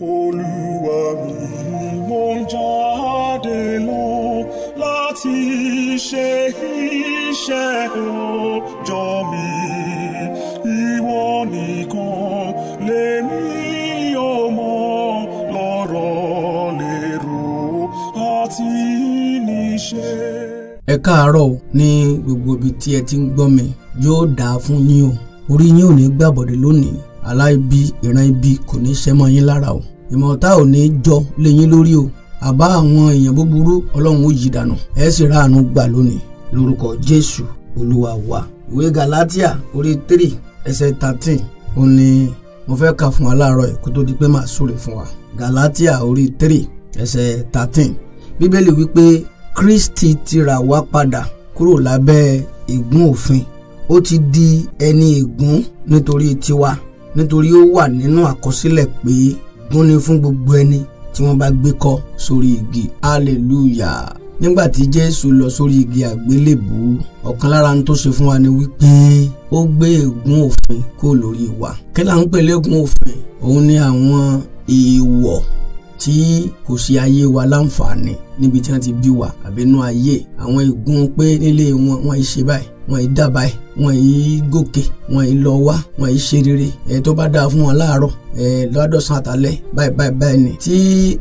Olúwa mi mo ń jáde lọ láti ṣe iṣẹ́ òjò mi ìwọ nìkan lèmi ò mọ̀ lọ́rọ̀ lérò àti níṣẹ́. ẹ káàárọ̀ ní gbogbo ibi tí ẹ ti ń gbọ́ mi yóò dáa fún yín o orí yín ò ní gbàbọ̀dé lónìí aláìbí ìran ibi kò ní ṣẹ́ mọ́ yín lára o ìmọ̀ ọ̀tá ò ní jọ lé yín lórí o àbá àwọn èèyàn búburú ọlọ́run ó yí dànù ẹ sì ráàánú gbà lónìí lórúkọ jésù olúwa wa. ìwé galatia orí three ẹsẹ̀ thirteen ó ní mo fẹ́ kà fún wa láàárọ̀ kó tó di pé màá súre fún wa. galatia orí three ẹsẹ̀ thirteen bíbélì wípé kristi ti rà wá padà kúrò lábẹ́ ègún òfin ó ti di ẹni ègún nítorí tiwa nítorí ó wà nínú àkọsílẹ̀ pé gún ni fún gbogbo ẹni tí wọ́n bá gbé kọ́ sórí igi hallelujah nígbà tí jésù lọ sórí igi àgbélébù ọ̀kan lára ń tó ṣe fún wa ni wípé ó gbé ègún òfin kó lórí wa kí là ń pè légún òfin òun ni àwọn èèwọ̀ tí kò ṣe ayé wa láǹfààní níbi tí wọ́n ti bí wa àbínú ayé àwọn igun pé nílé wọn wọ́n ṣe báyìí wọ́n yìí dábàá wọ́n yìí gòkè wọ́n yìí lọ wá wọ́n yìí ṣe rere ẹ tó bá dáa fún wọn láàárọ̀ ẹ lọ́dọ̀sán àtàlẹ́ báyìí báyìí báyìí ni. tí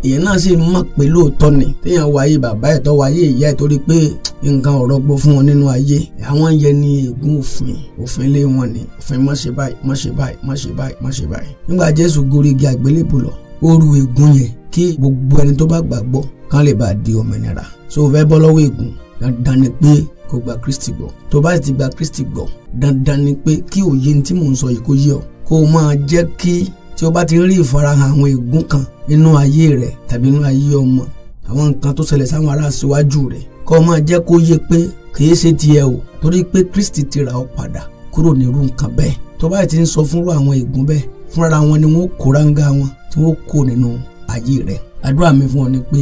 èèyàn náà sì mọ̀ pé lóòótọ́ ni téèyàn wáyé bàbá ẹ̀ tó wáyé ìyá ẹ̀ torí pé nǹkan ọ̀rọ̀ gbọ́ fún wọn nínú ayé àwọn yẹn ni ègún òfin òfin lé wọn ni òfin má ṣe báyìí má ṣe báyìí má ṣe báyìí má ṣe báyìí nígbà Jésù gorí igi àgbélébùú lọ oru ègún yẹn kí gbogbo ẹni tó bá gbàgbọ́ kán lè bá di òmìnira so o fẹ́ bọ́ lọ́wọ́ ègún dandan ni pé kó gba Kristi gbọ́ tó bá ti gba Kristi gbọ́ dandan ni pé kí òye ní tí mò ń sọ yìí kó yé ọ kó o máa jẹ́ kí tí o bá ti rí ìfarahàn àwọn ègún kan nínú ayé rẹ tàbí nínú ayé ọmọ àwọn nǹkan tó ṣẹlẹ̀ sáwọn ará síwájú rẹ kó o máa jẹ́ kó yé pé kìí ṣe tiẹ̀ o torí pé Kristi ti rà ọ padà kúrò nírú nǹkan bẹ́ẹ̀ tó bá ti ń sọ fúnrú àwọn ègún bẹ́ẹ̀ fúnra wọn ni wọ́n kó ráńgá wọn tí wọ́n kó nínú ayé rẹ̀ àdúrà mi fún ọ ni pé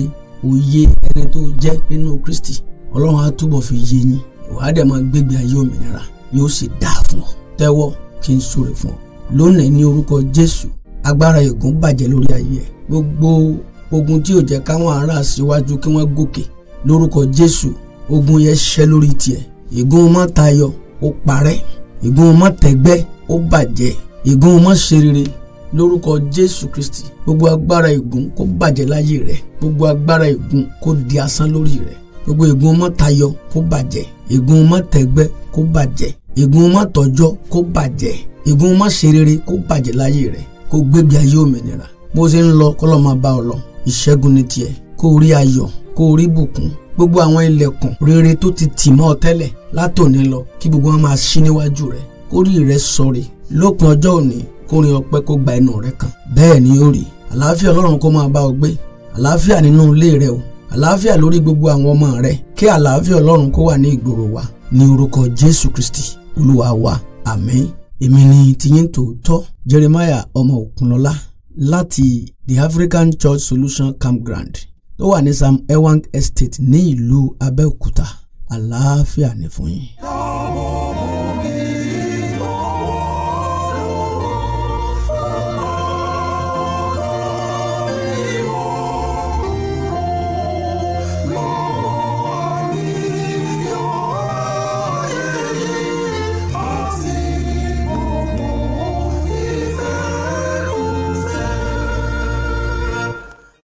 òye ẹni tó jẹ́ nínú Kristi Ọlọ́run á túbọ̀ fi yé yín wàá dẹ̀ máa gbégbé ayé òmìnira yóò sì dáa fún ọ tẹ́wọ́ kí n súre fún ọ lónìí ní orúkọ Jésù agbára ègún bàjẹ́ lórí ayé ẹ gbogbo ogun tí ò jẹ́ káwọn ará síwájú kí wọ́n gòkè lórúkọ Jésù ogun yẹn ṣẹ́ lórí tiẹ̀ ègún mọ́tayọ ó parẹ́ ègún mọ́tẹ̀gbẹ́ ó bàjẹ́ ìgún mọ́ ṣe rere lórúkọ jésù kristi gbogbo agbára ìgún kó bàjẹ́ láyé rẹ gbogbo agbára ìgún kó di asán lórí rẹ gbogbo ìgún mọ́ tayọ kó bàjẹ́ ìgún mọ́ tẹ̀gbẹ́ kó bàjẹ́ ìgún mọ́ tọ́jọ́ kó bàjẹ́ ìgún mọ́ ṣe rere kó bàjẹ́ láyé rẹ kó gbébi ayé òmìnira bó ṣe ń lọ kọ́lọ́ máa bá ọ lọ ìṣẹ́gun ni tiẹ̀ kó rí ayọ̀ kó rí bùkún gbogbo àwọn ilẹ̀kùn rere tó ti tì mọ́ ọ tẹ́lẹ̀ látòní lọ kí gbogbo wọn máa ṣí níwájú rẹ kórìí rẹ sọ̀rẹ̀ lópin ọjọ́ òní kórin ọpẹ́ kó gba ẹnu rẹ kan bẹ́ẹ̀ ni ó rí àlàáfíà ọlọ́run kó máa bá ọ gbé àlàáfíà nínú ilé rẹ o àlàáfíà lórí gbogbo àwọn ọmọ rẹ kí àlàáfíà ọlọ́run kó wà ní ìgboro wa ní orúkọ jésù kristi olúwa wa àmín èmi ni tiyín tòótọ́ jeremiah ọmọ òkunlọ́lá láti the african church solution campground tó wà ní sam ewang estate ní ìlú abẹ́òkúta àlàáfíà ni fún yín.